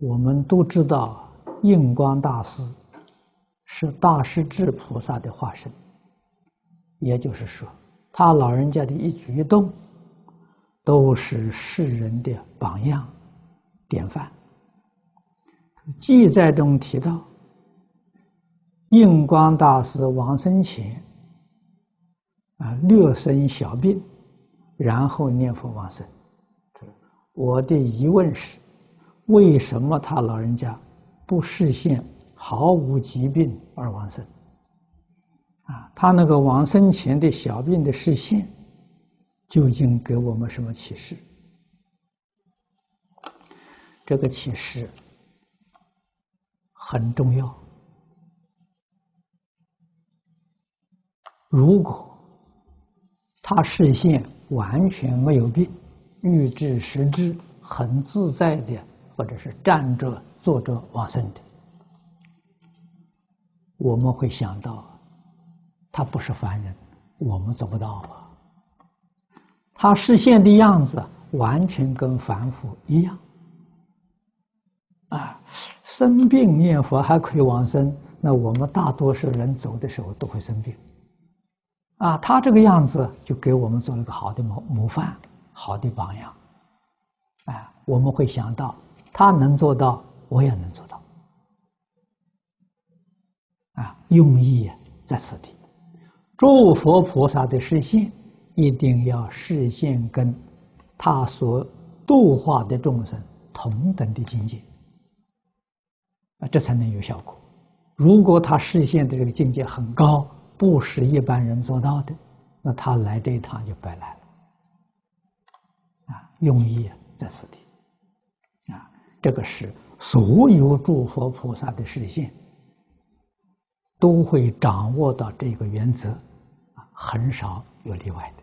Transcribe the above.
我們都知道，印光大師是大勢至菩薩的化身，也就是說，他老人家的一舉一動都是世人的榜樣、典範。記載中提到，印光大師往生前啊，略生小病，然後念佛往生。我的疑問是，為什麼他老人家不示現毫無疾病而往生？啊，他那個往生前的小病的示現，究竟給我們什麼啟示？這個啟示很重要。如果他示現完全沒有病，預知時至，很自在的。或者是站着坐着往生的，我們會想到他不是凡人，我們做不到啊。他示現的樣子完全跟凡夫一樣啊，生病念佛還可以往生，那我們大多數人走的時候都會生病啊。他這個樣子就給我們做了個好的模模範，好的榜樣，啊，我們會想到，他能做到，我也能做到。啊，用意在此地。諸佛菩薩的示現一定要示現跟他所度化的眾生同等的境界啊，這才能有效果。如果他示現的這個境界很高，不是一般人做到的，那他來這一趟就白來了。啊，用意啊在此地。這個是所有諸佛菩薩的示現，都會掌握到這個原則，啊，很少有例外的。